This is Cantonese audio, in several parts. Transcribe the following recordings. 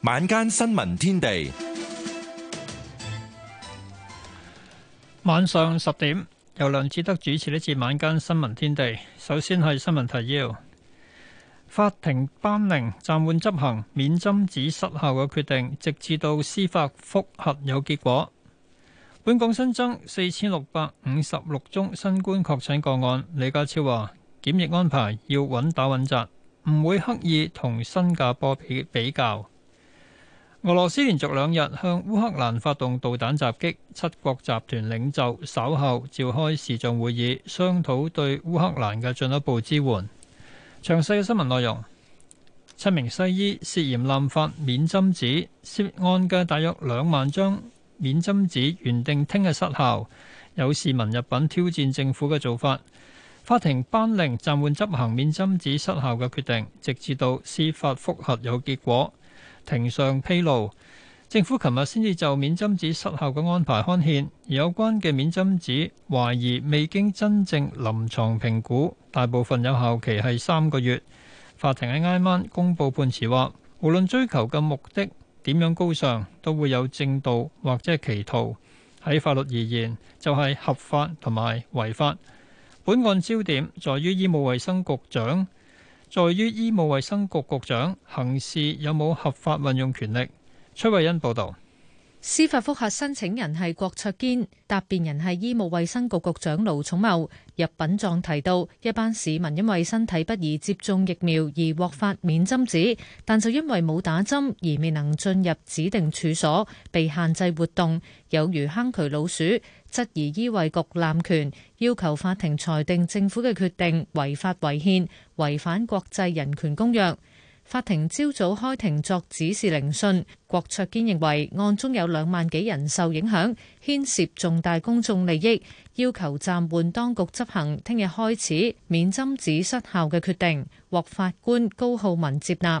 晚間新聞天地，晚上十點由梁志德主持呢次晚間新聞天地。首先係新聞提要：法庭頒令暫緩執行免針紙失效嘅決定，直至到司法複核有結果。本港新增四千六百五十六宗新冠確診個案，李家超話檢疫安排要穩打穩紮。唔會刻意同新加坡比比較。俄羅斯連續兩日向烏克蘭發動導彈襲擊，七國集團領袖稍後召開視像會議，商討對烏克蘭嘅進一步支援。詳細嘅新聞內容。七名西醫涉嫌濫發免針紙，涉案嘅大約兩萬張免針紙原定聽日失效，有市民入稟挑戰政府嘅做法。法庭頒令暫緩執行免針紙失效嘅決定，直至到司法覆核有結果。庭上披露，政府琴日先至就免針紙失效嘅安排刊憲，而有關嘅免針紙懷疑未經真正臨床評估，大部分有效期係三個月。法庭喺挨晚公佈判詞，話無論追求嘅目的點樣高尚，都會有正道或者係歧途。喺法律而言，就係合法同埋違法。本案焦點在於醫務衛生局局長，在於醫務衛生局局長行事有冇合法運用權力。崔慧欣報道。司法覆核申請人係郭卓堅答辯人係醫務衛生局局長盧寵茂。入稟狀提到，一班市民因為身體不宜接種疫苗而獲發免針紙，但就因為冇打針而未能進入指定處所，被限制活動，有如坑渠老鼠。質疑醫衛局濫權，要求法庭裁定政府嘅決定違法違憲，違反國際人權公約。法庭朝早開庭作指示聆訊。郭卓堅認為案中有兩萬幾人受影響，牽涉重大公眾利益，要求暫緩當局執行聽日開始免針紙失效嘅決定，獲法官高浩文接納。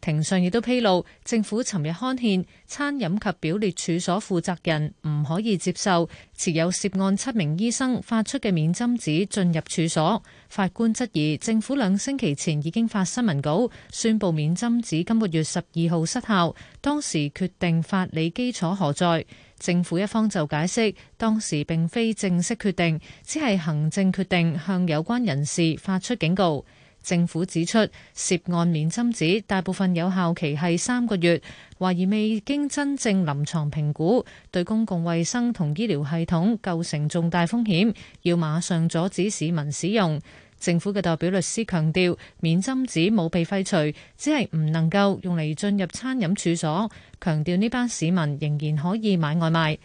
庭上亦都披露，政府尋日刊憲，餐飲及表列處所負責人唔可以接受持有涉案七名醫生發出嘅免針紙進入處所。法官質疑政府兩星期前已經發新聞稿宣佈免針紙今個月十二號失效，當時決定法理基礎何在？政府一方就解釋當時並非正式決定，只係行政決定向有關人士發出警告。政府指出，涉案免針紙大部分有效期係三個月，懷疑未經真正臨床評估，對公共衛生同醫療系統構成重大風險，要馬上阻止市民使用。政府嘅代表律師強調，免針紙冇被廢除，只係唔能夠用嚟進入餐飲處所，強調呢班市民仍然可以買外賣。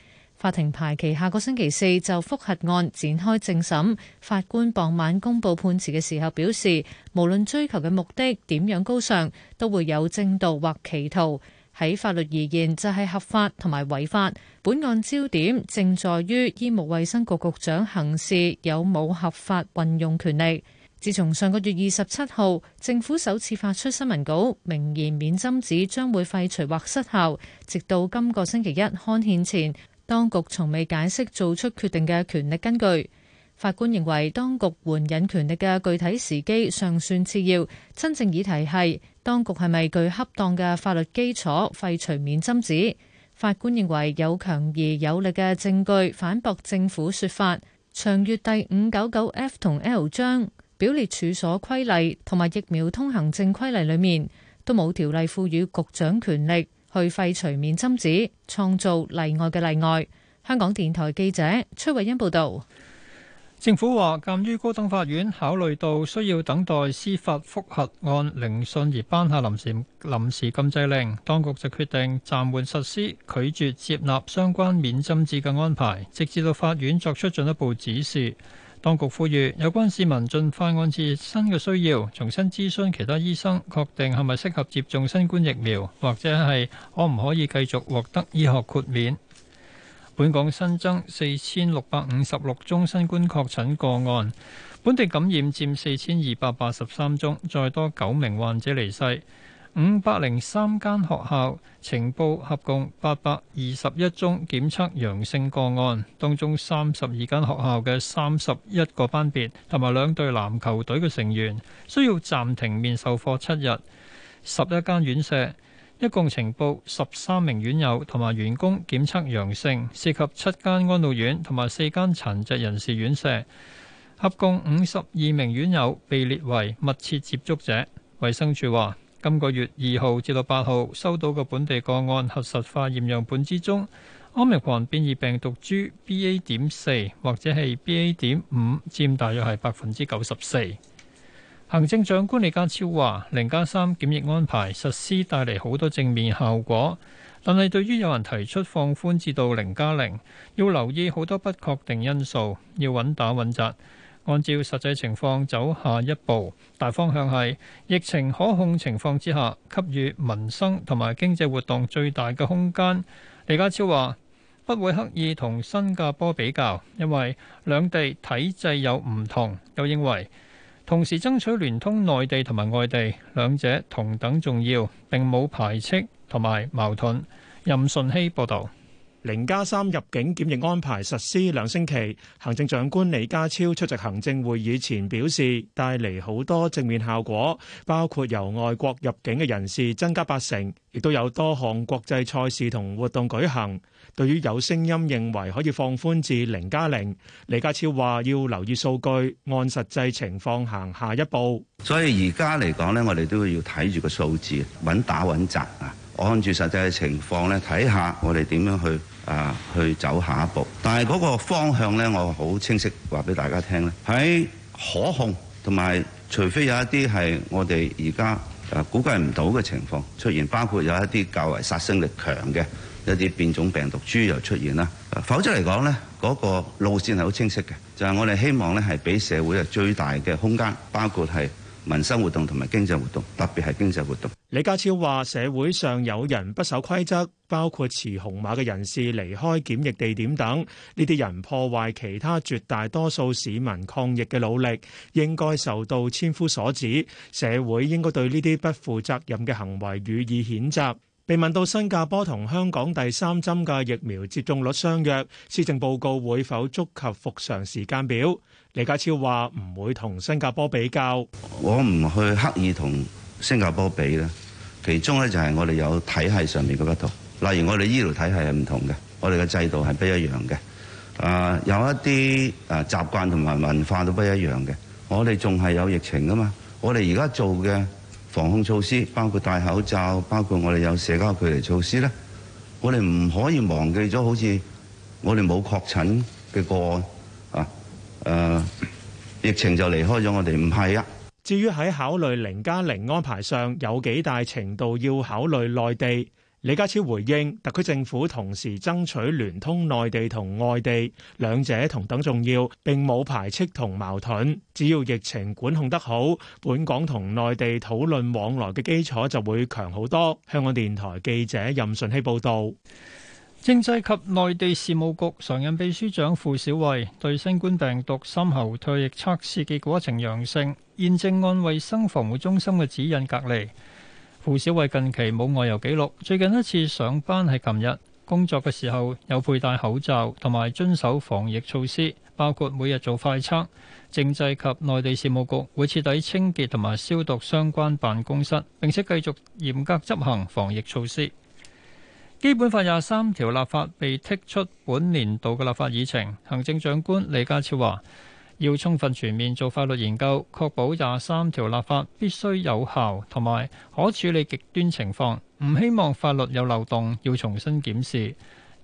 法庭排期下個星期四就復核案展開正審。法官傍晚公布判詞嘅時候表示，無論追求嘅目的點樣高尚，都會有正道或歧途。喺法律而言就係、是、合法同埋違法。本案焦點正在於醫務衛生局局長行事有冇合法運用權力。自從上個月二十七號政府首次發出新聞稿，明言免針紙將會廢除或失效，直到今個星期一刊憲前。當局從未解釋做出決定嘅權力根據。法官認為當局援引權力嘅具體時機尚算次要，真正議題係當局係咪具恰當嘅法律基礎廢除免針紙。法官認為有強而有力嘅證據反駁政府説法。長月第五九九 F 同 L 章表列處所規例同埋疫苗通行證規例裡面都冇條例賦予局長權力，去廢除免針紙，創造例外嘅例外。香港電台記者崔慧欣報道，政府話，鑑於高等法院考慮到需要等待司法覆核案聆訊而頒下臨時臨時禁制令，當局就決定暫緩實施，拒絕接納相關免針紙嘅安排，直至到法院作出進一步指示。當局呼籲有關市民盡快按照新嘅需要，重新諮詢其他醫生，確定係咪適合接種新冠疫苗，或者係可唔可以繼續獲得醫學豁免。本港新增四千六百五十六宗新冠確診個案，本地感染佔四千二百八十三宗，再多九名患者離世。五百零三間學校呈報合共八百二十一宗檢測陽性個案，當中三十二間學校嘅三十一個班別同埋兩隊籃球隊嘅成員需要暫停面授課七日。十一間院舍一共呈報十三名院友同埋員工檢測陽性，涉及七間安老院同埋四間殘疾人士院舍，合共五十二名院友被列為密切接觸者。衛生署話，今個月二號至到八號收到嘅本地個案核實化驗樣本之中，奧密克戎變異病毒株 BA. 點四或者係 BA. 點五，佔大約係百分之九十四。行政長官李家超話：零加三檢疫安排實施帶嚟好多正面效果，但係對於有人提出放寬至到零加零，0，要留意好多不確定因素，要穩打穩紮。按照實際情況走下一步，大方向係疫情可控情況之下，給予民生同埋經濟活動最大嘅空間。李家超話：不會刻意同新加坡比較，因為兩地體制有唔同。又認為同時爭取聯通內地同埋外地兩者同等重要，並冇排斥同埋矛盾。任順希報導。零加三入境檢疫安排實施兩星期，行政長官李家超出席行政會議前表示，帶嚟好多正面效果，包括由外國入境嘅人士增加八成，亦都有多項國際賽事同活動舉行。對於有聲音認為可以放寬至零加零，李家超話要留意數據，按實際情況行下一步。所以而家嚟講咧，我哋都要睇住個數字，穩打穩紮啊，按住實際嘅情況咧，睇下我哋點樣去。啊，去走下一步，但係嗰個方向咧，我好清晰話俾大家聽咧，喺可控同埋，除非有一啲係我哋而家誒估計唔到嘅情況出現，包括有一啲較為殺傷力強嘅一啲變種病毒株又出現啦，啊。否則嚟講咧，嗰個路線係好清晰嘅，就係我哋希望咧係俾社會啊最大嘅空間，包括係，民生活動同埋經濟活動，特別係經濟活動。李家超話：社會上有人不守規則，包括持紅碼嘅人士離開檢疫地點等，呢啲人破壞其他絕大多數市民抗疫嘅努力，應該受到千夫所指。社會應該對呢啲不負責任嘅行為予以譴責。被問到新加坡同香港第三針嘅疫苗接種率相若，施政報告會否觸及復常時間表？李家超話唔會同新加坡比較，我唔去刻意同新加坡比咧。其中咧就係我哋有體系上面嘅不同，例如我哋醫療體系係唔同嘅，我哋嘅制度係不一樣嘅。啊、呃，有一啲啊習慣同埋文化都不一樣嘅。我哋仲係有疫情噶嘛。我哋而家做嘅防控措施，包括戴口罩，包括我哋有社交距離措施咧。我哋唔可以忘記咗，好似我哋冇確診嘅個案。誒、啊、疫情就離開咗我哋唔係啊。至於喺考慮零加零安排上有幾大程度要考慮內地，李家超回應，特區政府同時爭取聯通內地同外地兩者同等重要，並冇排斥同矛盾。只要疫情管控得好，本港同內地討論往來嘅基礎就會強好多。香港電台記者任順希報導。政制及內地事務局常任秘書長傅小慧對新冠病毒深喉唾液測試結果呈陽性，現正按衛生防護中心嘅指引隔離。傅小慧近期冇外遊記錄，最近一次上班係琴日，工作嘅時候有佩戴口罩同埋遵守防疫措施，包括每日做快測。政制及內地事務局會徹底清潔同埋消毒相關辦公室，並且繼續嚴格執行防疫措施。基本法廿三條立法被剔出本年度嘅立法議程，行政長官李家超話，要充分全面做法律研究，確保廿三條立法必須有效，同埋可處理極端情況，唔希望法律有漏洞，要重新檢視。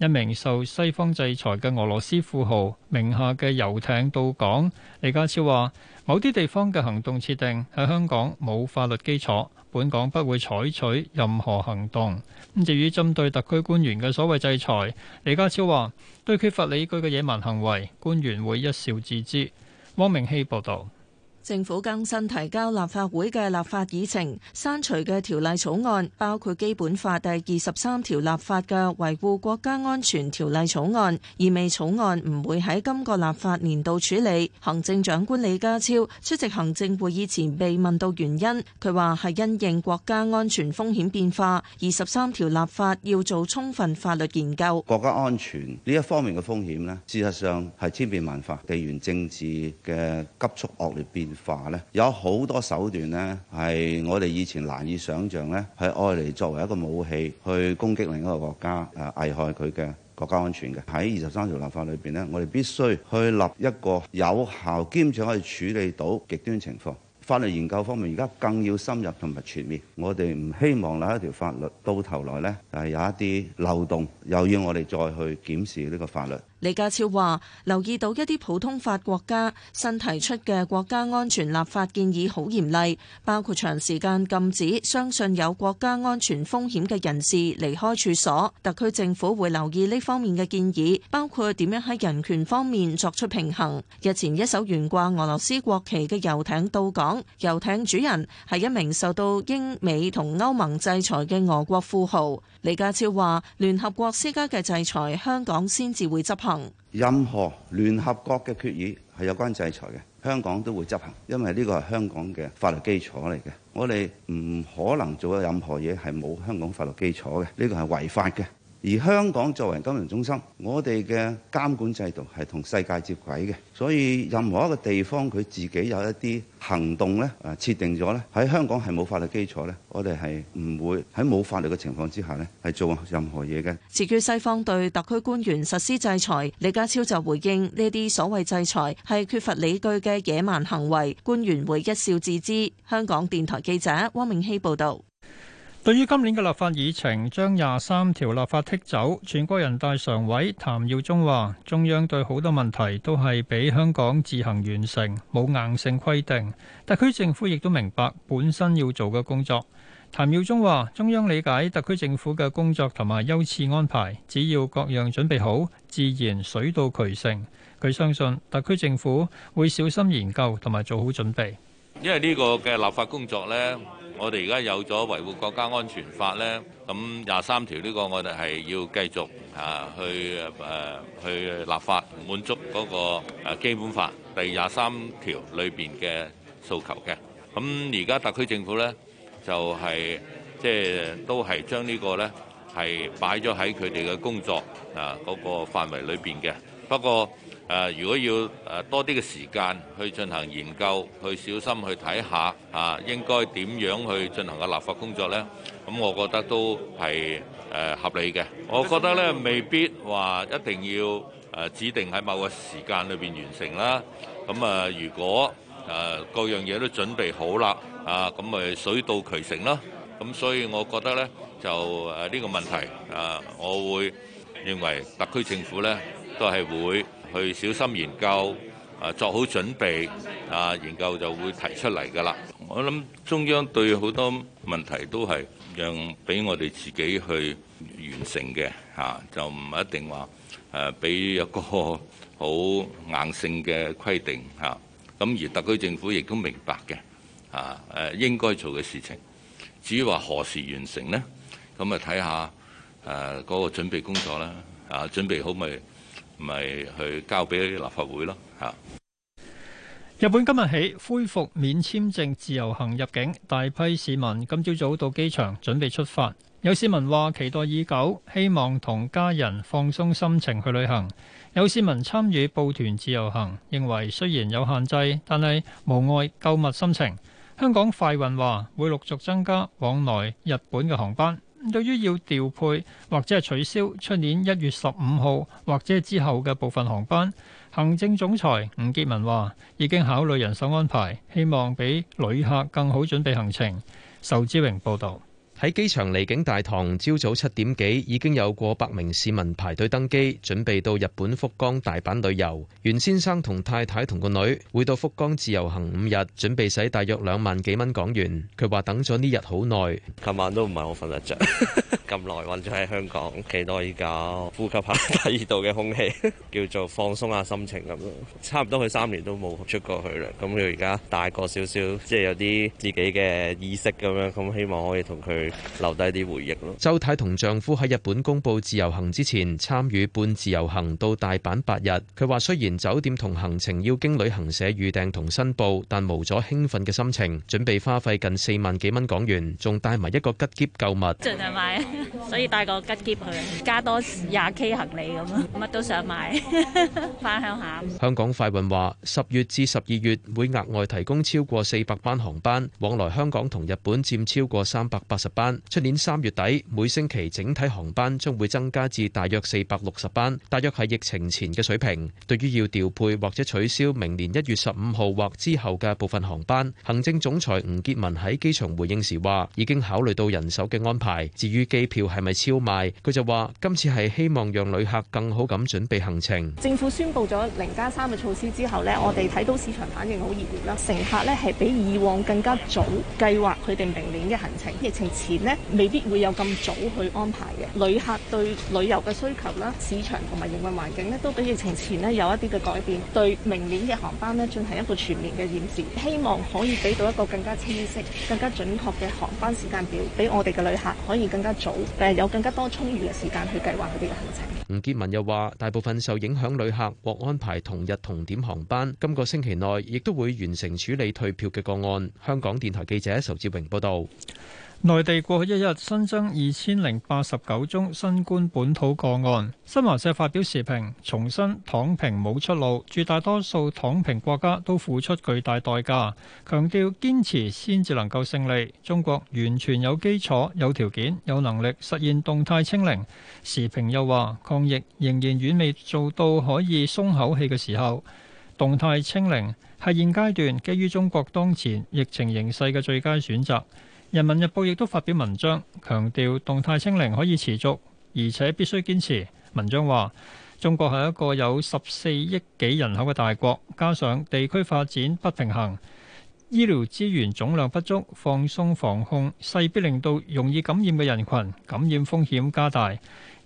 一名受西方制裁嘅俄羅斯富豪名下嘅遊艇到港。李家超話某啲地方嘅行動設定喺香港冇法律基礎，本港不會採取任何行動，咁至於針對特區官員嘅所謂制裁，李家超話對缺乏理據嘅野蠻行為官員會一笑置之。汪明熙報道。政府更新提交立法會嘅立法議程，刪除嘅條例草案包括《基本法》第二十三條立法嘅維護國家安全條例草案，意味草案唔會喺今個立法年度處理。行政長官李家超出席行政會議前被問到原因，佢話係因應國家安全風險變化，二十三條立法要做充分法律研究。國家安全呢一方面嘅風險呢，事實上係千變萬化，地緣政治嘅急速惡劣變化咧，有好多手段呢，係我哋以前難以想象呢，係愛嚟作為一個武器去攻擊另一個國家，誒、呃、危害佢嘅國家安全嘅。喺二十三條立法裏邊呢，我哋必須去立一個有效兼且可以處理到極端情況。法律研究方面，而家更要深入同埋全面。我哋唔希望有一條法律到頭來呢，係、就是、有一啲漏洞，又要我哋再去檢視呢個法律。李家超話：留意到一啲普通法國家新提出嘅國家安全立法建議好嚴厲，包括長時間禁止相信有國家安全風險嘅人士離開處所。特區政府會留意呢方面嘅建議，包括點樣喺人權方面作出平衡。日前一艘懸掛俄羅斯國旗嘅遊艇到港，遊艇主人係一名受到英美同歐盟制裁嘅俄國富豪。李家超話：聯合國施加嘅制裁，香港先至會執行。任何聯合國嘅決議係有關制裁嘅，香港都會執行，因為呢個係香港嘅法律基礎嚟嘅。我哋唔可能做任何嘢係冇香港法律基礎嘅，呢個係違法嘅。而香港作為金融中心，我哋嘅監管制度係同世界接軌嘅，所以任何一個地方佢自己有一啲行動咧，誒設定咗咧，喺香港係冇法律基礎咧，我哋係唔會喺冇法律嘅情況之下咧，係做任何嘢嘅。至於西方對特區官員實施制裁，李家超就回應呢啲所謂制裁係缺乏理據嘅野蠻行為，官員會一笑置之。香港電台記者汪明希報導。對於今年嘅立法議程，將廿三條立法剔走，全國人大常委譚耀宗話：中央對好多問題都係俾香港自行完成，冇硬性規定。特區政府亦都明白本身要做嘅工作。譚耀宗話：中央理解特區政府嘅工作同埋優次安排，只要各樣準備好，自然水到渠成。佢相信特區政府會小心研究同埋做好準備。因為呢個嘅立法工作呢。我哋而家有咗維護國家安全法咧，咁廿三條呢個，我哋係要繼續去啊去誒去立法滿足嗰個誒基本法第廿三條裏邊嘅訴求嘅。咁而家特區政府咧就係即係都係將呢個咧係擺咗喺佢哋嘅工作啊嗰個範圍裏邊嘅，不過。誒，如果要誒多啲嘅時間去進行研究，去小心去睇下啊，應該點樣去進行嘅立法工作呢？咁我覺得都係誒合理嘅。我覺得咧，未必話一定要誒指定喺某個時間裏邊完成啦。咁啊，如果誒各樣嘢都準備好啦，啊，咁咪水到渠成咯。咁所以，我覺得呢，就誒呢個問題啊，我會認為特區政府呢都係會。去小心研究，啊，做好準備，啊，研究就會提出嚟㗎喇。我諗中央對好多問題都係讓俾我哋自己去完成嘅，吓就唔一定話誒俾一個好硬性嘅規定吓。咁而特區政府亦都明白嘅，啊誒應該做嘅事情。至於話何時完成呢？咁啊睇下誒嗰個準備工作啦，啊準備好未。咪去交俾立法會咯。日本今日起恢復免簽證自由行入境，大批市民今朝早到機場準備出發。有市民話期待已久，希望同家人放鬆心情去旅行。有市民參與報團自由行，認為雖然有限制，但係無礙購物心情。香港快運話會陸續增加往來日本嘅航班。對於要調配或者係取消出年一月十五號或者之後嘅部分航班，行政總裁吳傑文話已經考慮人手安排，希望俾旅客更好準備行程。仇志榮報導。喺機場離境大堂，朝早七點幾已經有過百名市民排隊登機，準備到日本福岡、大阪旅遊。袁先生同太太同個女會到福岡自由行五日，準備使大約兩萬幾蚊港元。佢話等咗呢日好耐，琴晚都唔係好瞓得著，咁耐韞住喺香港，幾多依家呼吸下第二度嘅空氣，叫做放鬆下心情咁咯。差唔多佢三年都冇出過去啦，咁佢而家大個少少，即係有啲自己嘅意識咁樣，咁希望可以同佢。留低啲回憶咯。周太同丈夫喺日本公布自由行之前，參與半自由行到大阪八日。佢話，雖然酒店同行程要經旅行社預訂同申報，但冇咗興奮嘅心情，準備花費近四萬幾蚊港元，仲帶埋一個吉喼購物。即係帶埋，所以帶個吉喼去，加多廿 K 行李咁咯，乜都想買返鄉下。香港快運話，十月至十二月會額外提供超過四百班航班往來香港同日本，佔超過三百八十八。出年三月底，每星期整體航班將會增加至大約四百六十班，大約係疫情前嘅水平。對於要調配或者取消明年一月十五號或之後嘅部分航班，行政總裁吳傑文喺機場回應時話：已經考慮到人手嘅安排。至於機票係咪超賣，佢就話今次係希望讓旅客更好咁準備行程。政府宣布咗零加三嘅措施之後呢，我哋睇到市場反應好熱烈啦，乘客呢係比以往更加早計劃佢哋明年嘅行程，疫情前未必會有咁早去安排嘅旅客對旅遊嘅需求啦，市場同埋營運環境咧都比疫情前咧有一啲嘅改變。對明年嘅航班咧進行一個全面嘅檢視，希望可以俾到一個更加清晰、更加準確嘅航班時間表，俾我哋嘅旅客可以更加早誒，有更加多充裕嘅時間去計劃佢哋嘅行程。吳傑文又話：大部分受影響旅客獲安排同日同點航班，今個星期內亦都會完成處理退票嘅個案。香港電台記者仇志榮報導。內地過去一日新增二千零八十九宗新冠本土個案。新華社發表時評，重申躺平冇出路，絕大多數躺平國家都付出巨大代價，強調堅持先至能夠勝利。中國完全有基礎、有條件、有能力實現動態清零。時評又話，抗疫仍然遠未做到可以鬆口氣嘅時候，動態清零係現階段基於中國當前疫情形勢嘅最佳選擇。《人民日報》亦都發表文章，強調動態清零可以持續，而且必須堅持。文章話：中國係一個有十四億幾人口嘅大國，加上地區發展不平衡，醫療資源總量不足，放鬆防控，勢必令到容易感染嘅人群感染風險加大。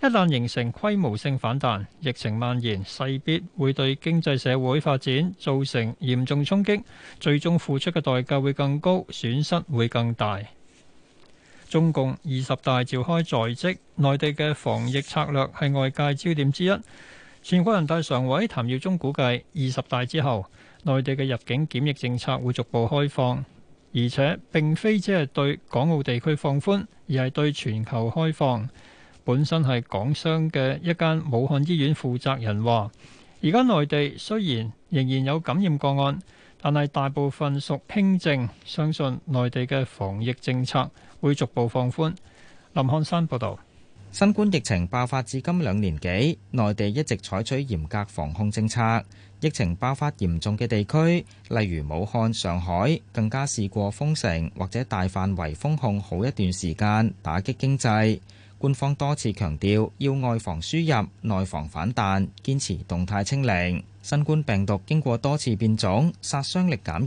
一旦形成規模性反彈，疫情蔓延，勢必會對經濟社會發展造成嚴重衝擊，最終付出嘅代價會更高，損失會更大。中共二十大召開在即，內地嘅防疫策略係外界焦點之一。全國人大常委譚耀宗估計，二十大之後內地嘅入境檢疫政策會逐步開放，而且並非只係對港澳地區放寬，而係對全球開放。本身係港商嘅一間武漢醫院負責人話：而家內地雖然仍然有感染個案，但係大部分屬輕症，相信內地嘅防疫政策會逐步放寬。林漢山報導：新冠疫情爆發至今兩年幾，內地一直採取嚴格防控政策。疫情爆發嚴重嘅地區，例如武漢、上海，更加試過封城或者大範圍封控好一段時間，打擊經濟。官方多次強調要外防輸入、內防反彈，堅持動態清零。新冠病毒經過多次變種，殺傷力減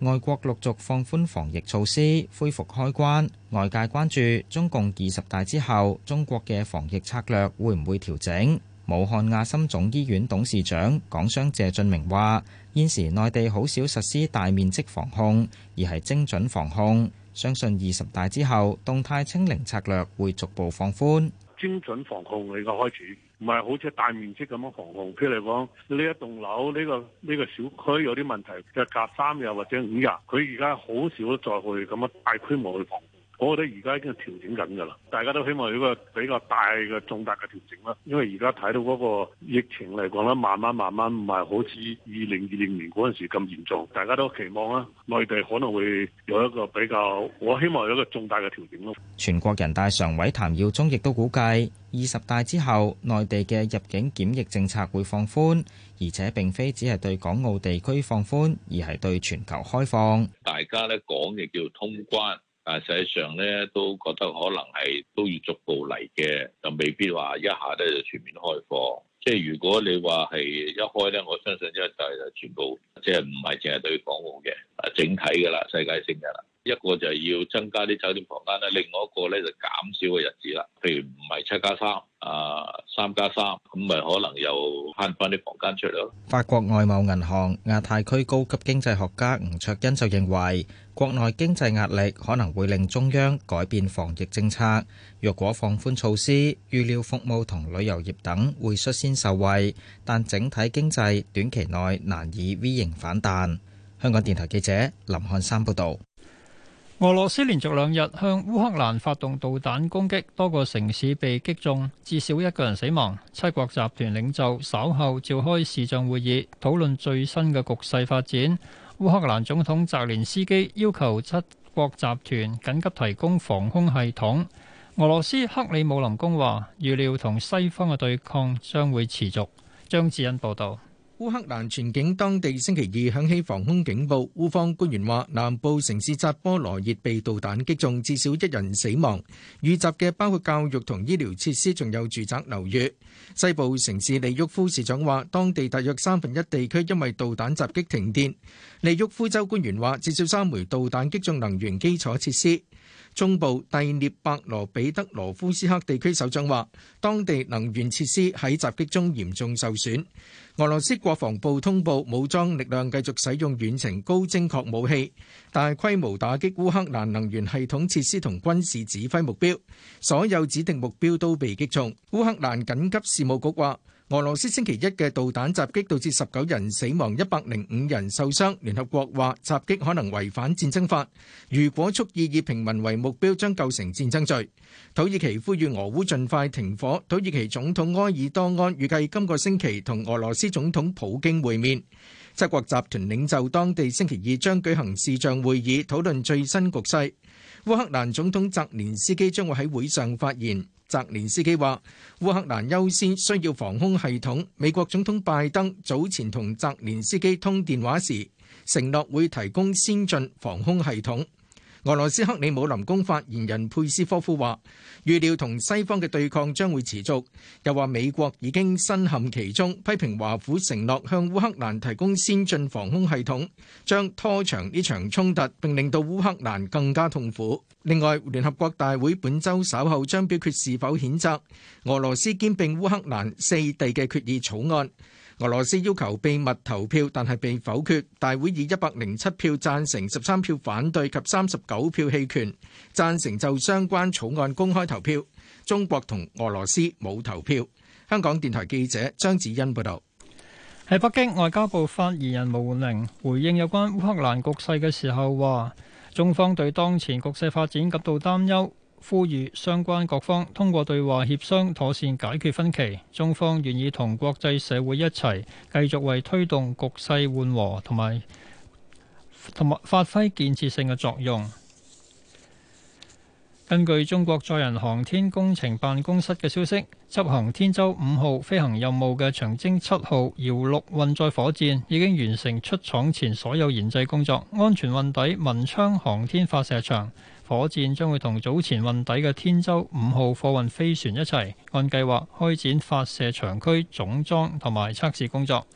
弱，外國陸續放寬防疫措施，恢復開關。外界關注中共二十大之後，中國嘅防疫策略會唔會調整？武漢亞心總醫院董事長港商謝俊明話：現時內地好少實施大面積防控，而係精準防控。相信二十大之後，動態清零策略會逐步放寬。精準防控你個開始，唔係好似大面積咁樣防控。譬如你講，呢一棟樓、呢、呢個呢、呢個小區有啲問題，就隔三日或者五日，佢而家好少再去咁樣大規模去防控。我覺得而家已經係調整緊㗎啦，大家都希望有一個比較大嘅重大嘅調整啦。因為而家睇到嗰個疫情嚟講咧，慢慢慢慢唔係好似二零二零年嗰陣時咁嚴重，大家都期望啊，內地可能會有一個比較，我希望有一個重大嘅調整咯。全國人大常委譚耀宗亦都估計，二十大之後，內地嘅入境檢疫政策會放寬，而且並非只係對港澳地區放寬，而係對全球開放。大家咧講嘅叫通關。但係實際上咧，都覺得可能係都要逐步嚟嘅，就未必話一下咧就全面開放。即係如果你話係一開咧，我相信一個就係全部，即係唔係淨係對港澳嘅，啊，整體㗎喇，世界性㗎喇。一個就係要增加啲酒店房間咧，另外一個咧就減少嘅日子啦。譬如唔係七加三啊，三加三咁，咪可能又慳翻啲房間出嚟咯。法國外貿銀行亞太區高級經濟學家吳卓恩就認為，國內經濟壓力可能會令中央改變防疫政策。若果放寬措施，預料服務同旅遊業等會率先受惠，但整體經濟短期內難以 V 型反彈。香港電台記者林漢山報道。俄羅斯連續兩日向烏克蘭發動導彈攻擊，多個城市被擊中，至少一個人死亡。七國集團領袖稍後召開視像會議，討論最新嘅局勢發展。烏克蘭總統澤連斯基要求七國集團緊急提供防空系統。俄羅斯克里姆林宮話，預料同西方嘅對抗將會持續。張志恩報道。烏克蘭全境當地星期二響起防空警報，烏方官員話南部城市扎波羅熱被導彈擊中，至少一人死亡。遇襲嘅包括教育同醫療設施，仲有住宅樓宇。西部城市利沃夫市長話，當地大約三分一地區因為導彈襲擊停電。利沃夫州官員話，至少三枚導彈擊中能源基礎設施。中部第聶伯羅彼得羅夫斯克地區首長話：當地能源設施喺襲擊中嚴重受損。俄羅斯國防部通報，武裝力量繼續使用遠程高精確武器，大規模打擊烏克蘭能源系統設施同軍事指揮目標，所有指定目標都被擊中。烏克蘭緊急事務局話。俄羅斯星期一嘅導彈襲擊導致十九人死亡，一百零五人受傷。聯合國話襲擊可能違反戰爭法，如果蓄意以平民為目標，將構成戰爭罪。土耳其呼籲俄烏盡快停火。土耳其總統埃爾多安預計今個星期同俄羅斯總統普京會面。七國集團領袖當地星期二將舉行視像會議，討論最新局勢。烏克蘭總統澤連斯基將會喺會上發言。澤連斯基話：烏克蘭優先需要防空系統。美國總統拜登早前同澤連斯基通電話時，承諾會提供先進防空系統。俄羅斯克里姆林宮發言人佩斯科夫話，預料同西方嘅對抗將會持續，又話美國已經身陷其中，批評華府承諾向烏克蘭提供先進防空系統，將拖長呢場衝突，並令到烏克蘭更加痛苦。另外，聯合國大會本周稍後將表決是否譴責俄羅斯兼併烏克蘭四地嘅決議草案。俄羅斯要求秘密投票，但係被否決。大會以一百零七票讚成、十三票反對及三十九票棄權讚成，就相關草案公開投票。中國同俄羅斯冇投票。香港電台記者張子欣報道。喺北京外交部發言人毛寧回應有關烏克蘭局勢嘅時候話，中方對當前局勢發展極度擔憂。呼籲相關各方通過對話協商，妥善解決分歧。中方願意同國際社會一齊，繼續為推動局勢緩和同埋同埋發揮建設性嘅作用。根據中國載人航天工程辦公室嘅消息，執行天舟五號飛行任務嘅長征七號遙六運載火箭已經完成出廠前所有研製工作，安全運抵文昌航天發射場。火箭將會同早前運抵嘅天舟五號貨運飛船一齊，按計劃開展發射場區總裝同埋測試工作。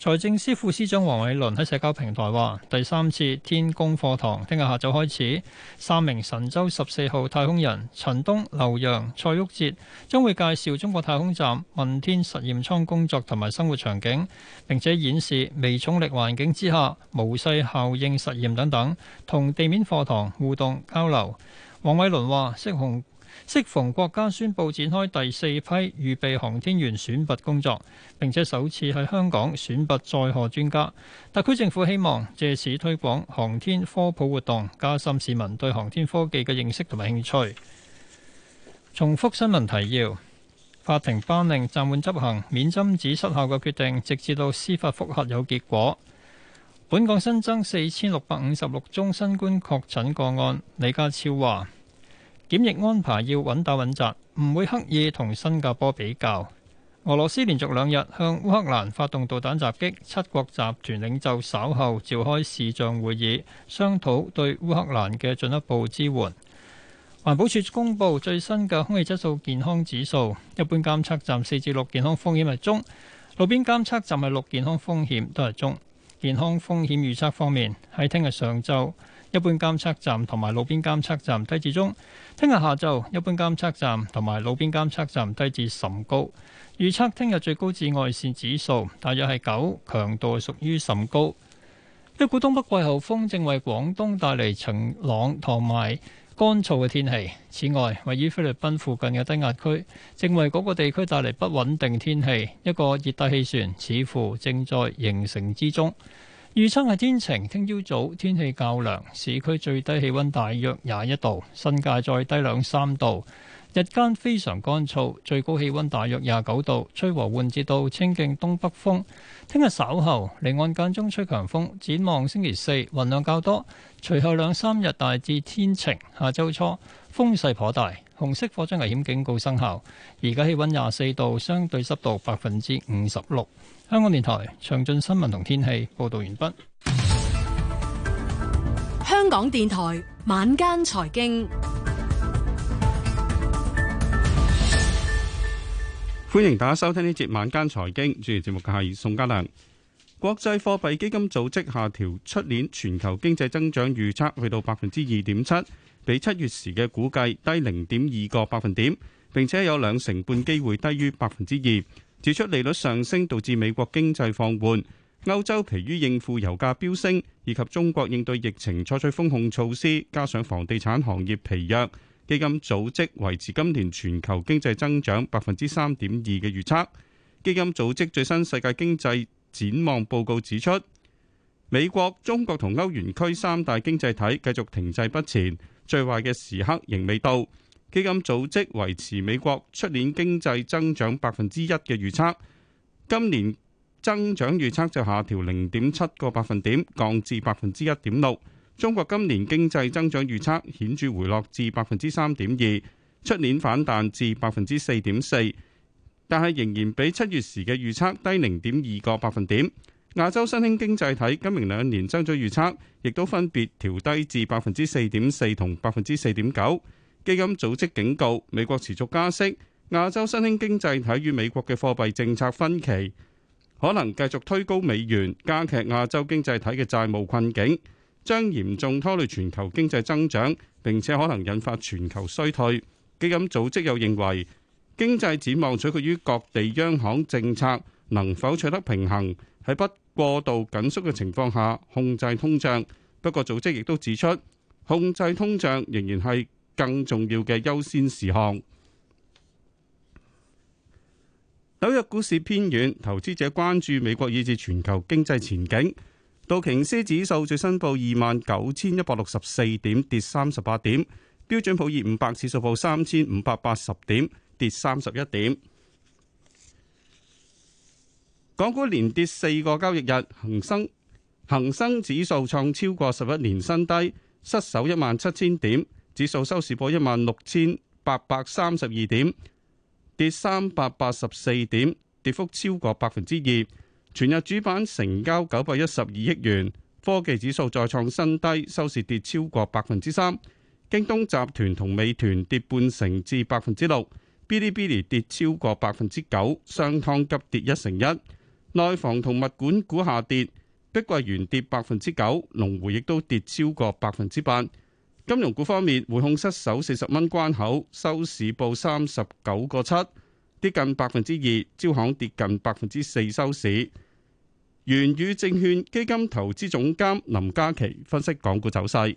財政司副司長黃偉綸喺社交平台話：，第三次天宮課堂聽日下晝開始，三名神舟十四號太空人陳東、劉洋、蔡旭哲將會介紹中國太空站問天實驗艙工作同埋生活場景，並且演示微重力環境之下毛細效應實驗等等，同地面課堂互動交流。黃偉綸話：，釋紅。適逢國家宣布展開第四批預備航天員選拔工作，並且首次喺香港選拔載荷專家，特區政府希望借此推廣航天科普活動，加深市民對航天科技嘅認識同埋興趣。重複新聞提要：法庭頒令暫緩執行免針紙失效嘅決定，直至到司法覆核有結果。本港新增四千六百五十六宗新冠確診個案。李家超話。檢疫安排要穩打穩紮，唔會刻意同新加坡比較。俄羅斯連續兩日向烏克蘭發動導彈襲擊，七國集團領袖稍後召開視像會議，商討對烏克蘭嘅進一步支援。環保署公布最新嘅空氣質素健康指數，一般監測站四至六，健康風險係中，路邊監測站係六，健康風險都係中。健康風險預測方面，喺聽日上晝。一般監測站同埋路邊監測站低至中，聽日下晝一般監測站同埋路邊監測站低至甚高。預測聽日最高紫外線指數大約係九，強度屬於甚高。一股東北季候風正為廣東帶嚟晴朗同埋乾燥嘅天氣。此外，位於菲律賓附近嘅低壓區正為嗰個地區帶嚟不穩定天氣。一個熱帶氣旋似乎正在形成之中。預測係天晴，聽朝早，早天氣較涼，市區最低氣溫大約廿一度，新界再低兩三度。日間非常乾燥，最高氣溫大約廿九度，吹和緩至到清勁東北風。聽日稍後離岸間中吹強風，展望星期四雲量較多，隨後兩三日大致天晴，下周初風勢頗大。紅色火災危險警告生效，而家氣温廿四度，相對濕度百分之五十六。香港電台詳盡新聞同天氣報道完畢。香港電台晚間財經，歡迎大家收聽呢節晚間財經，主持節目嘅係宋家良。國際貨幣基金組織下調出年全球經濟增長預測，去到百分之二點七。比七月時嘅估計低零點二個百分點，並且有兩成半機會低於百分之二。指出利率上升導致美國經濟放緩，歐洲疲於應付油價飆升，以及中國應對疫情採取封控措施，加上房地產行業疲弱，基金組織維持今年全球經濟增長百分之三點二嘅預測。基金組織最新世界經濟展望報告指出，美國、中國同歐元區三大經濟體繼續停滯不前，最壞嘅時刻仍未到。基金組織維持美國出年經濟增長百分之一嘅預測，今年增長預測就下調零點七個百分點，降至百分之一點六。中國今年經濟增長預測顯著回落至百分之三點二，出年反彈至百分之四點四，但係仍然比七月時嘅預測低零點二個百分點。亞洲新興經濟體今明兩年增長預測，亦都分別調低至百分之四點四同百分之四點九。基金組織警告，美國持續加息，亞洲新興經濟體與美國嘅貨幣政策分歧，可能繼續推高美元，加劇亞洲經濟體嘅債務困境，將嚴重拖累全球經濟增長，並且可能引發全球衰退。基金組織又認為，經濟展望取決於各地央行政策能否取得平衡，係不過度緊縮嘅情況下控制通脹。不過組織亦都指出，控制通脹仍然係更重要嘅優先事項。紐約股市偏軟，投資者關注美國以至全球經濟前景。道瓊斯指數最新報二萬九千一百六十四點，跌三十八點；標準普爾五百指數報三千五百八十點，跌三十一點。港股連跌四個交易日，恒生恒生指數創超過十一年新低，失守一萬七千點，指數收市報一萬六千八百三十二點，跌三百八十四點，跌幅超過百分之二。全日主板成交九百一十二億元，科技指數再創新低，收市跌超過百分之三。京東集團同美團跌半成至百分之六，嗶哩嗶哩跌超過百分之九，商湯急跌一成一。內房同物管股下跌，碧桂園跌百分之九，龍湖亦都跌超過百分之八。金融股方面，匯控失守四十蚊關口，收市報三十九個七，跌近百分之二，招行跌近百分之四，收市。元宇證券基金投資總監林嘉琪分析港股走勢。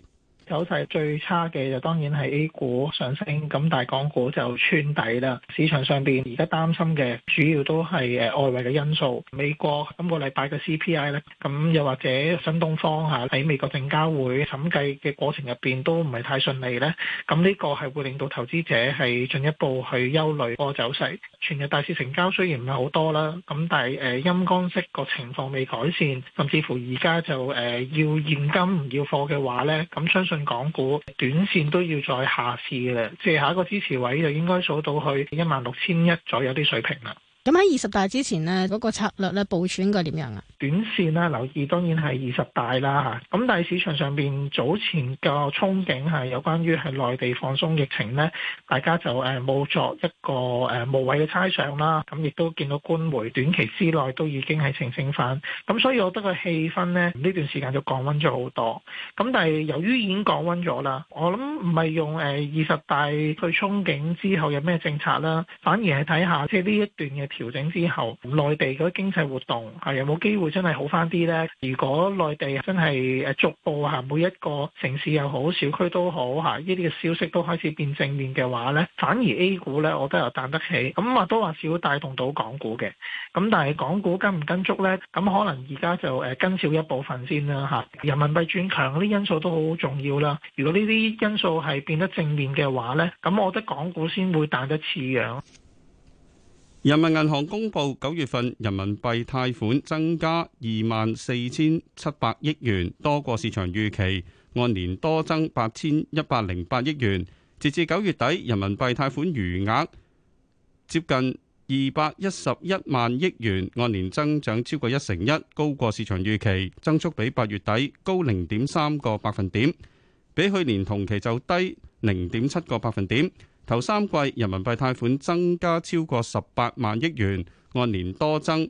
走勢最差嘅就當然係 A 股上升，咁但係港股就穿底啦。市場上邊而家擔心嘅主要都係誒外圍嘅因素，美國今個禮拜嘅 CPI 咧，咁又或者新東方嚇喺美國證交會審計嘅過程入邊都唔係太順利咧，咁呢個係會令到投資者係進一步去憂慮個走勢。全日大市成交雖然唔係好多啦，咁但係誒陰乾式個情況未改善，甚至乎而家就誒要現金唔要貨嘅話咧，咁相信，港股短線都要再下試嘅啦，即係下一個支持位就應該數到去一萬六千一左右啲水平啦。咁喺二十大之前呢，嗰、那個策略咧部署應該點樣啊？短線啦、啊，留意當然係二十大啦，咁但係市場上邊早前個憧憬係、啊、有關於係內地放鬆疫情咧，大家就誒冇、呃、作一個誒、呃、無謂嘅猜想啦、啊。咁亦都見到官媒短期之內都已經係澄清翻，咁所以我覺得個氣氛咧呢段時間就降溫咗好多。咁但係由於已經降溫咗啦，我諗唔係用誒、呃、二十大去憧憬之後有咩政策啦、啊，反而係睇下即係呢一段嘅。調整之後，內地嗰經濟活動係、啊、有冇機會真係好翻啲呢？如果內地真係誒逐步嚇、啊、每一個城市又好、小區都好嚇呢啲嘅消息都開始變正面嘅話呢，反而 A 股呢，我都有彈得起，咁或多或少帶動到港股嘅。咁、啊、但係港股跟唔跟足呢？咁、啊、可能而家就誒跟少一部分先啦嚇、啊。人民幣轉強嗰啲因素都好重要啦、啊。如果呢啲因素係變得正面嘅話呢，咁、啊、我覺得港股先會彈得似樣。人民銀行公布九月份人民幣貸款增加二萬四千七百億元，多過市場預期，按年多增八千一百零八億元。截至九月底，人民幣貸款餘額接近二百一十一萬億元，按年增長超過一成一，高過市場預期，增速比八月底高零點三個百分點，比去年同期就低零點七個百分點。頭三季人民幣貸款增加超過十八萬億元，按年多增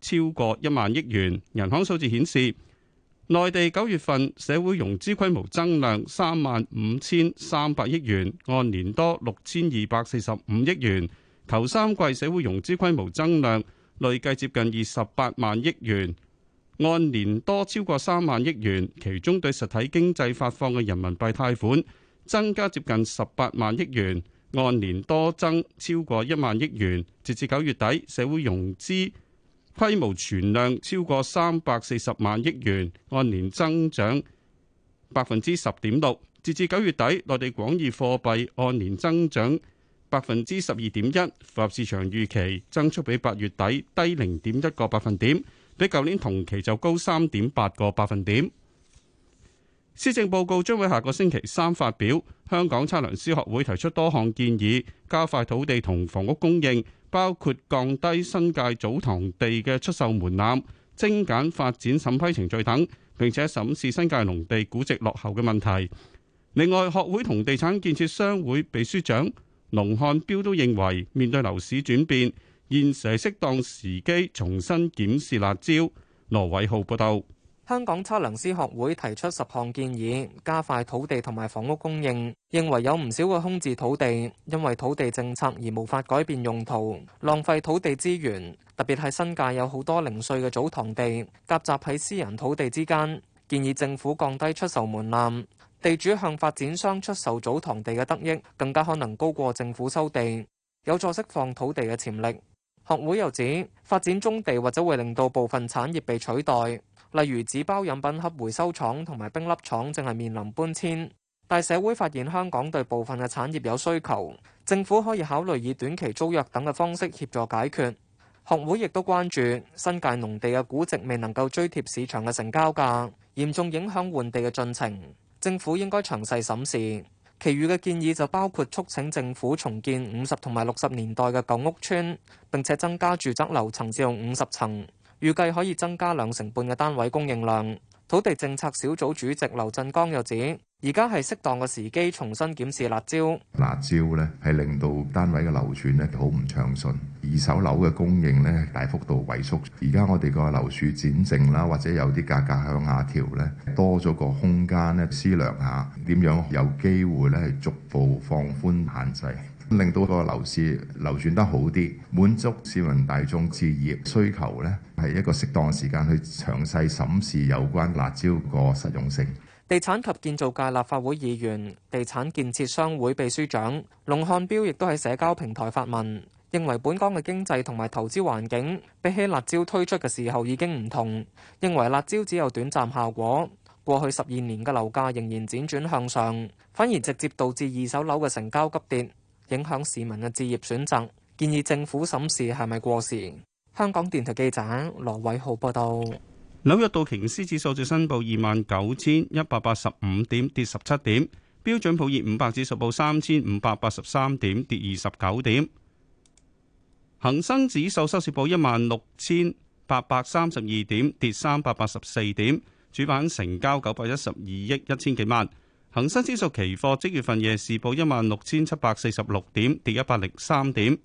超過一萬億元。銀行數字顯示，內地九月份社會融資規模增量三萬五千三百億元，按年多六千二百四十五億元。頭三季社會融資規模增量累計接近二十八萬億元，按年多超過三萬億元。其中對實體經濟發放嘅人民幣貸款增加接近十八萬億元。按年多增超過一萬億元，截至九月底，社會融資規模存量超過三百四十萬億元，按年增長百分之十點六。截至九月底，內地廣義貨幣按年增長百分之十二點一，符合市場預期，增速比八月底低零點一個百分點，比舊年同期就高三點八個百分點。施政報告將會下個星期三發表。香港測量師學會提出多項建議，加快土地同房屋供應，包括降低新界祖堂地嘅出售門檻、精簡發展審批程序等，並且審視新界農地估值落後嘅問題。另外，學會同地產建設商會秘書長龍漢標都認為，面對樓市轉變，現時係適當時機重新檢視辣招。羅偉浩報道。香港測量師學會提出十項建議，加快土地同埋房屋供應，認為有唔少嘅空置土地，因為土地政策而無法改變用途，浪費土地資源，特別係新界有好多零碎嘅祖堂地，夾雜喺私人土地之間。建議政府降低出售門檻，地主向發展商出售祖堂地嘅得益，更加可能高過政府收地，有助釋放土地嘅潛力。學會又指，發展棕地或者會令到部分產業被取代。例如紙包飲品盒回收廠同埋冰粒廠正係面臨搬遷，但社會發現香港對部分嘅產業有需求，政府可以考慮以短期租約等嘅方式協助解決。學會亦都關注新界農地嘅估值未能夠追貼市場嘅成交價，嚴重影響換地嘅進程。政府應該詳細審視。其餘嘅建議就包括促請政府重建五十同埋六十年代嘅舊屋邨，並且增加住宅樓層至用五十層。預計可以增加兩成半嘅單位供應量。土地政策小組主席劉振剛又指，而家係適當嘅時機重新檢視辣招。辣招呢係令到單位嘅流轉咧好唔暢順，二手樓嘅供應咧大幅度萎縮。而家我哋個樓市轉靜啦，或者有啲價格,格向下調咧，多咗個空間呢，思量下點樣有機會呢，係逐步放寬限制。令到個樓市流轉得好啲，滿足市民大眾置業需求咧，係一個適當時間去詳細審視有關辣招個實用性。地產及建造界立法會議員、地產建設商會秘書長龍漢標亦都喺社交平台發文，認為本港嘅經濟同埋投資環境比起辣招推出嘅時候已經唔同，認為辣招只有短暫效果。過去十二年嘅樓價仍然輾轉向上，反而直接導致二手樓嘅成交急跌。影響市民嘅置業選擇，建議政府審視係咪過時。香港電台記者羅偉浩報道。紐約道瓊斯指數最新報二萬九千一百八十五點，跌十七點。標準普爾五百指數報三千五百八十三點，跌二十九點。恒生指數收市報一萬六千八百三十二點，跌三百八十四點。主板成交九百一十二億一千幾萬。恒生指數期貨即月份夜市報一萬六千七百四十六點，跌一百零三點。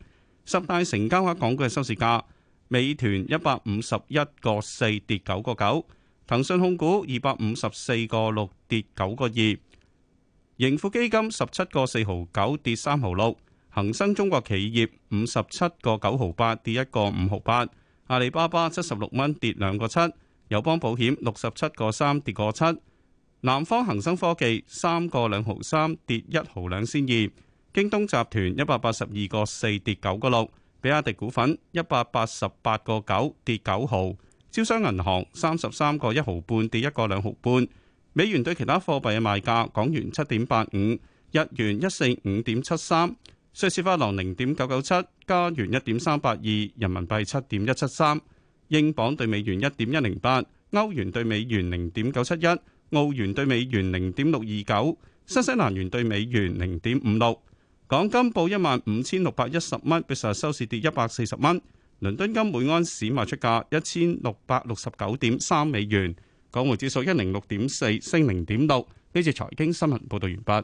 十大成交額港股嘅收市價：美團一百五十一個四跌九個九，騰訊控股二百五十四個六跌九個二，盈富基金十七個四毫九跌三毫六，恒生中國企業五十七個九毫八跌一個五毫八，阿里巴巴七十六蚊跌兩個七，友邦保險六十七個三跌個七。南方恒生科技三個兩毫三跌一毫兩仙二，京東集團一百八十二個四跌九個六，比亞迪股份一百八十八個九跌九毫，招商銀行三十三個一毫半跌一個兩毫半。美元對其他貨幣嘅賣價：港元七點八五，日元一四五點七三，瑞士法郎零點九九七，加元一點三八二，人民幣七點一七三，英鎊對美元一點一零八，歐元對美元零點九七一。澳元兌美元零點六二九，新西蘭元兌美元零點五六，港金報一萬五千六百一十蚊，比上日收市跌一百四十蚊。倫敦金每安士賣出價一千六百六十九點三美元。港匯指數一零六點四，升零點六。呢節財經新聞報道完畢。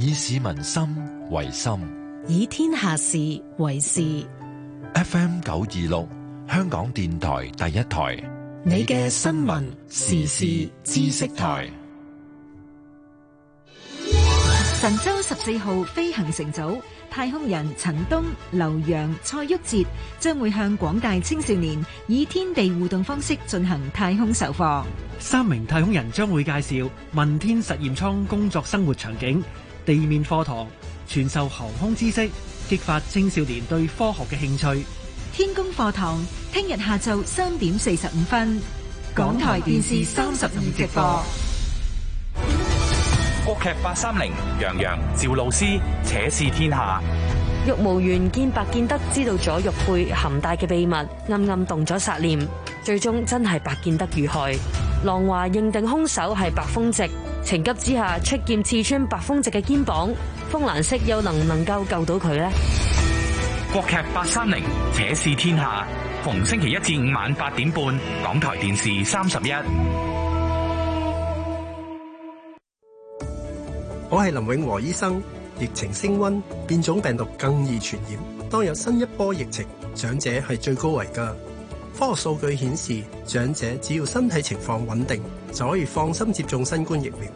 以市民心為心，以天下事為事。F M 九二六，香港電台第一台。你嘅新聞時事知識台，神舟十四號飛行乘組，太空人陳冬、劉洋、蔡旭哲將會向廣大青少年以天地互動方式進行太空授課。三名太空人將會介紹問天實驗艙工作生活場景，地面課堂傳授航空知識，激發青少年對科學嘅興趣。天宮課堂，聽日下晝三點四十五分，港台電視三十二直播。國劇八三零，楊洋、趙露思，且試天下。玉無緣見白建德知道咗玉佩含帶嘅秘密，暗暗動咗殺念，最終真係白建德遇害。狼華認定凶手係白風夕，情急之下出劍刺穿白風夕嘅肩膀，豐蘭息又能唔能夠救到佢呢？國劇八三零，且視天下。逢星期一至五晚八點半，港台電視三十一。我係林永和醫生。疫情升温，變種病毒更易傳染。當有新一波疫情，長者係最高危㗎。科學數據顯示，長者只要身體情況穩定，就可以放心接種新冠疫苗。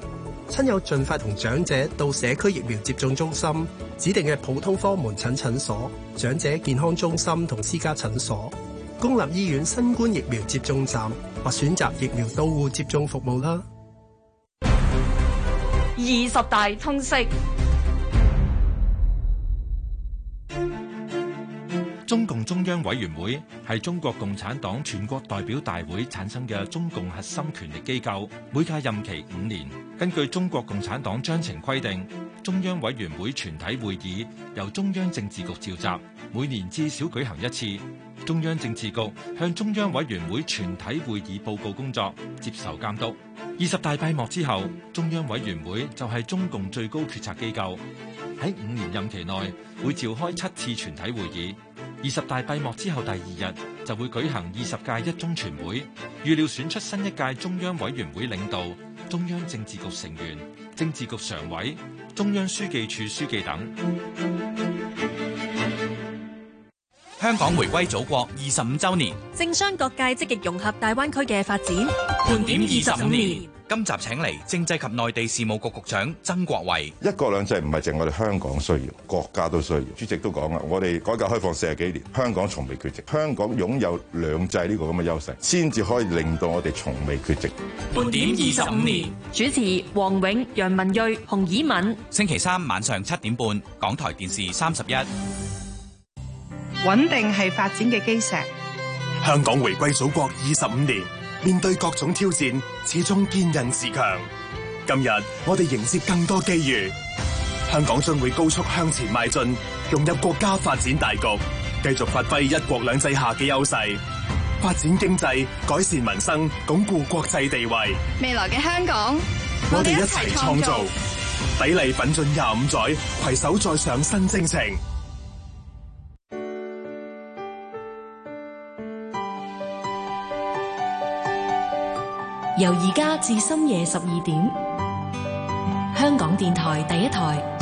親友盡快同長者到社區疫苗接種中心、指定嘅普通科門診診所、長者健康中心同私家診所、公立醫院新冠疫苗接種站或選擇疫苗到戶接種服務啦。二十大通識。中共中央委員會係中國共產黨全國代表大會產生嘅中共核心權力機構，每屆任期五年。根據中國共產黨章程規定，中央委員會全體會議由中央政治局召集，每年至少舉行一次。中央政治局向中央委員會全體會議報告工作，接受監督。二十大閉幕之後，中央委員會就係中共最高決策機構，喺五年任期內，會召開七次全體會議。二十大閉幕之後第二日就會舉行二十屆一中全會，預料選出新一屆中央委員會領導、中央政治局成員、政治局常委、中央書記處書記等。香港回歸祖國二十五周年，政商各界積極融合大灣區嘅發展，盤點二十五年。年今集請嚟政制及內地事務局局長曾國衛。一國兩制唔係淨我哋香港需要，國家都需要。主席都講啦，我哋改革開放四十幾年，香港從未缺席。香港擁有兩制呢個咁嘅優勢，先至可以令到我哋從未缺席。半點二十五年，主持王永、楊文睿、洪綺敏。星期三晚上七點半，港台電視三十一。穩定係發展嘅基石。香港回歸祖國二十五年。面對各種挑戰，始終堅韌自強。今日我哋迎接更多機遇，香港將會高速向前邁進，融入國家發展大局，繼續發揮一國兩制下嘅優勢，發展經濟，改善民生，鞏固國際地位。未來嘅香港，我哋一齊創造，砥礪奮進廿五載，攜手再上新征程。由而家至深夜十二點，香港電台第一台。